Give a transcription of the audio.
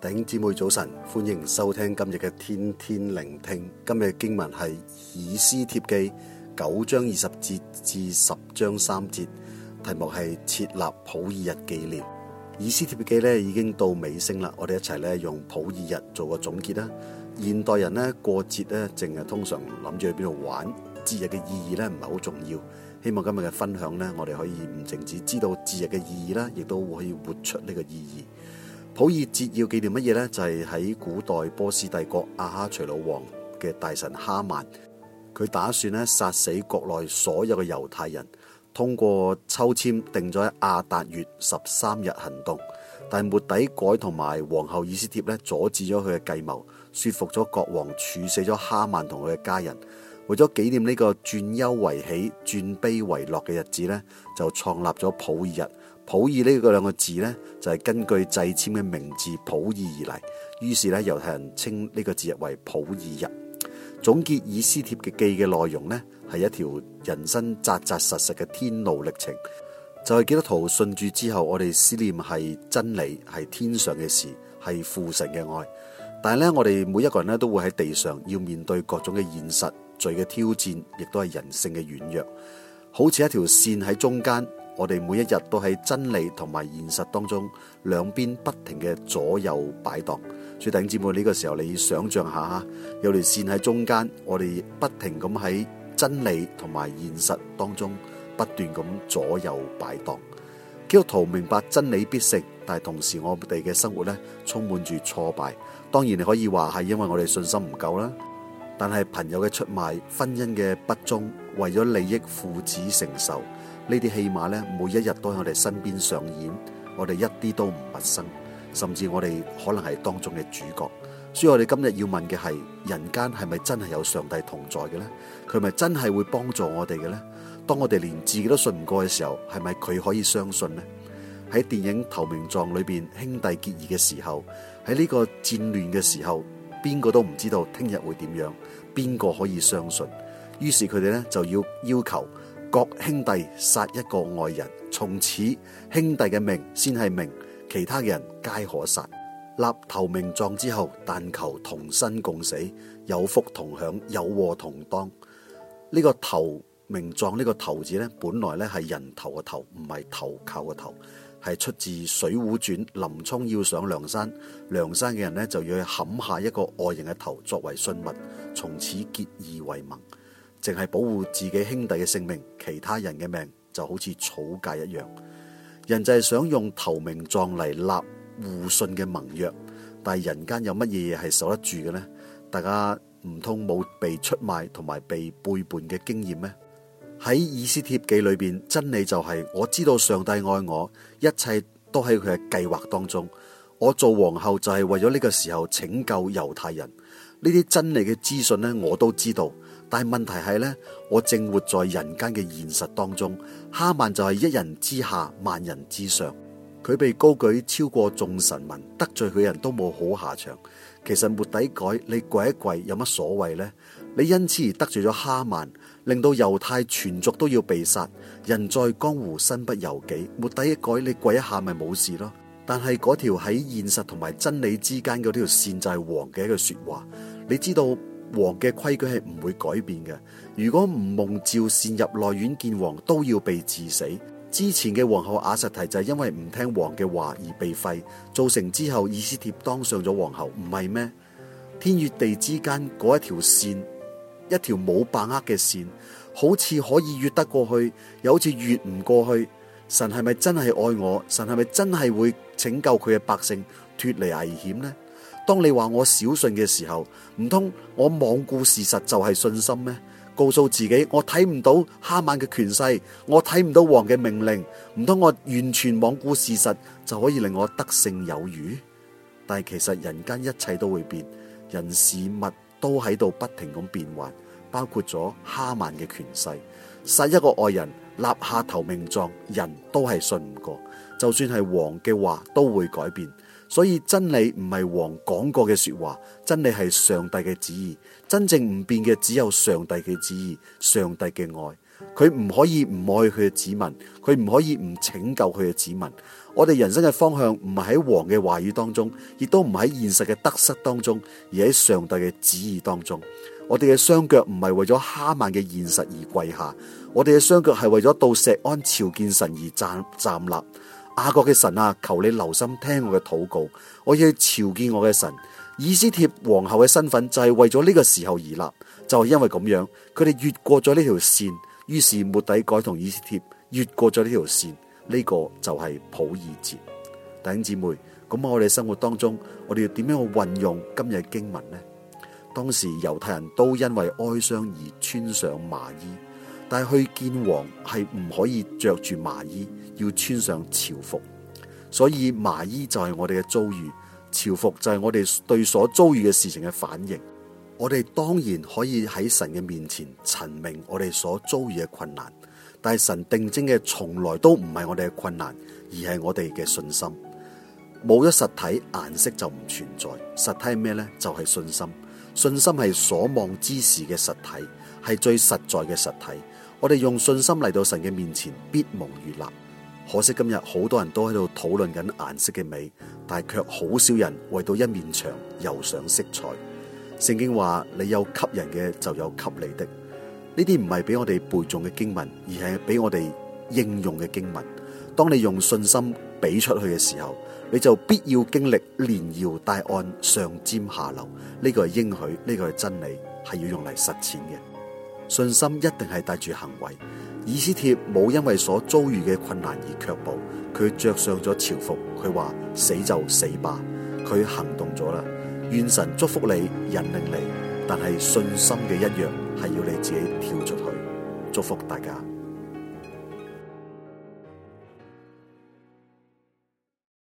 弟兄姊妹早晨，歡迎收聽今日嘅天天聆聽。今日經文係《以斯帖記》九章二十節至十章三節，題目係設立普珥日紀念。《以斯帖記》咧已經到尾聲啦，我哋一齊咧用普珥日做個總結啦。現代人咧過節咧，淨係通常諗住去邊度玩，節日嘅意義咧唔係好重要。希望今日嘅分享咧，我哋可以唔淨止知道節日嘅意義啦，亦都可以活出呢個意義。普珥節要紀念乜嘢呢？就係、是、喺古代波斯帝國亞哈隨魯王嘅大臣哈曼，佢打算呢殺死國內所有嘅猶太人，通過抽籤定咗喺亞達月十三日行動，但係末底改同埋皇后以斯帖呢阻止咗佢嘅計謀，說服咗國王處死咗哈曼同佢嘅家人，為咗紀念呢個轉憂為喜、轉悲為樂嘅日子呢就創立咗普珥日。普珥呢個兩個字呢，就係、是、根據掣籤嘅名字普珥而嚟，於是呢，猶太人稱呢個節日為普珥日。總結以斯帖嘅記嘅內容呢，係一條人生扎扎實實嘅天路歷程。就係、是、基督徒信主之後，我哋思念係真理，係天上嘅事，係父神嘅愛。但係呢，我哋每一個人呢，都會喺地上要面對各種嘅現實、罪嘅挑戰，亦都係人性嘅軟弱。好似一條線喺中間。我哋每一日都喺真理同埋現實當中兩邊不停嘅左右擺盪。弟兄姊妹呢、這個時候，你想象下吓，有條線喺中間，我哋不停咁喺真理同埋現實當中不斷咁左右擺盪。基督徒明白真理必勝，但係同時我哋嘅生活呢，充滿住挫敗。當然你可以話係因為我哋信心唔夠啦，但係朋友嘅出賣、婚姻嘅不忠、為咗利益父子成仇。呢啲戲碼呢，每一日都喺我哋身邊上演，我哋一啲都唔陌生，甚至我哋可能係當中嘅主角。所以我哋今日要問嘅係：人間係咪真係有上帝同在嘅呢？佢咪真係會幫助我哋嘅呢？當我哋連自己都信唔過嘅時候，係咪佢可以相信呢？喺電影《投名狀》裏邊，兄弟結義嘅時候，喺呢個戰亂嘅時候，邊個都唔知道聽日會點樣，邊個可以相信？於是佢哋呢，就要要求。各兄弟殺一個外人，從此兄弟嘅命先係命，其他人皆可殺。立投名狀之後，但求同生共死，有福同享，有禍同當。呢個投名狀呢個頭字呢，本來呢係人頭嘅頭，唔係投靠嘅頭，係出自《水滸傳》，林沖要上梁山，梁山嘅人呢，就要去冚下一個外人嘅頭作為信物，從此結義為盟。淨係保護自己兄弟嘅性命，其他人嘅命就好似草芥一樣。人就係想用投名狀嚟立互信嘅盟約，但係人間有乜嘢嘢係守得住嘅呢？大家唔通冇被出賣同埋被背叛嘅經驗咩？喺以斯帖記裏邊，真理就係我知道上帝愛我，一切都喺佢嘅計劃當中。我做皇后就係為咗呢個時候拯救猶太人。呢啲真理嘅資訊呢，我都知道，但係問題係呢，我正活在人間嘅現實當中。哈曼就係一人之下，萬人之上，佢被高舉超過眾臣，得罪佢人都冇好下場。其實末底改，你跪一跪有乜所謂呢？你因此而得罪咗哈曼，令到猶太全族都要被殺。人在江湖身不由己，末底改你跪一下咪冇事咯。但係嗰條喺現實同埋真理之間嗰條線就係王嘅一句說話。你知道王嘅規矩係唔會改變嘅。如果唔蒙召擅入內院見王，都要被治死。之前嘅皇后瓦實提，就係因為唔聽王嘅話而被廢，造成之後以斯帖當上咗皇后，唔係咩？天與地之間嗰一條線，一條冇把握嘅線，好似可以越得過去，又好似越唔過去。神係咪真係愛我？神係咪真係會拯救佢嘅百姓脫離危險呢？當你話我小信嘅時候，唔通我罔顧事實就係信心咩？告訴自己我睇唔到哈曼嘅權勢，我睇唔到王嘅命令，唔通我完全罔顧事實就可以令我得勝有餘？但係其實人間一切都會變，人事物都喺度不停咁變幻，包括咗哈曼嘅權勢，殺一個外人立下頭名狀，人都係信唔過，就算係王嘅話都會改變。所以真理唔係王講過嘅說話，真理係上帝嘅旨意，真正唔變嘅只有上帝嘅旨意，上帝嘅愛，佢唔可以唔愛佢嘅子民，佢唔可以唔拯救佢嘅子民。我哋人生嘅方向唔係喺王嘅話語當中，亦都唔喺現實嘅得失當中，而喺上帝嘅旨意當中。我哋嘅雙腳唔係為咗哈曼嘅現實而跪下，我哋嘅雙腳係為咗到錫安朝見神而站站立。雅各嘅神啊，求你留心聽我嘅禱告，我要朝見我嘅神。以斯帖皇后嘅身份就係為咗呢個時候而立，就係、是、因為咁樣，佢哋越過咗呢條線，於是末底改同以斯帖越過咗呢條線，呢、這個就係普珥節。弟兄姊妹，咁我哋生活當中，我哋要點樣去運用今日經文呢？當時猶太人都因為哀傷而穿上麻衣。但係去見王係唔可以着住麻衣，要穿上朝服。所以麻衣就係我哋嘅遭遇，朝服就係我哋對所遭遇嘅事情嘅反應。我哋當然可以喺神嘅面前陳明我哋所遭遇嘅困難，但係神定睛嘅從來都唔係我哋嘅困難，而係我哋嘅信心。冇咗實體，顏色就唔存在，實體係咩呢？就係、是、信心。信心係所望之時嘅實體，係最實在嘅實體。我哋用信心嚟到神嘅面前，必蒙悅納。可惜今日好多人都喺度討論緊顏色嘅美，但係卻好少人為到一面牆油上色彩。聖經話：你有給人嘅，就有給你的。呢啲唔係俾我哋背誦嘅經文，而係俾我哋應用嘅經文。當你用信心俾出去嘅時候，你就必要經歷連搖帶按、上尖下流。呢、這個係應許，呢、這個係真理，係要用嚟實踐嘅。信心一定係帶住行為，以斯帖冇因為所遭遇嘅困難而卻步，佢着上咗朝服，佢話死就死吧，佢行動咗啦，願神祝福你，引領你，但係信心嘅一樣，係要你自己跳出去，祝福大家。